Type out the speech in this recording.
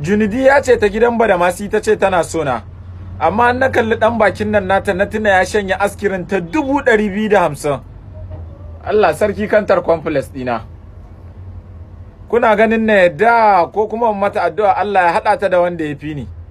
Junidi ya ce ta gidan Badamasi ta ce tana sona. Amma na kalli ɗan bakin nan nata na tuna ya shanya askirin ta dubu ɗari biyu da hamsin. Allah sarki kantar complex ɗina. Kuna ganin na yadda ko kuma mata addu'a Allah ya haɗa ta da wanda ya fi ni.